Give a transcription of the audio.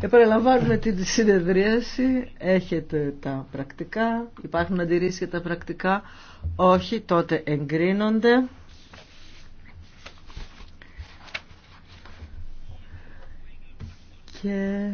Επαναλαμβάνουμε τη συνεδρίαση. Έχετε τα πρακτικά. Υπάρχουν αντιρρήσει για τα πρακτικά. Όχι, τότε εγκρίνονται. Και...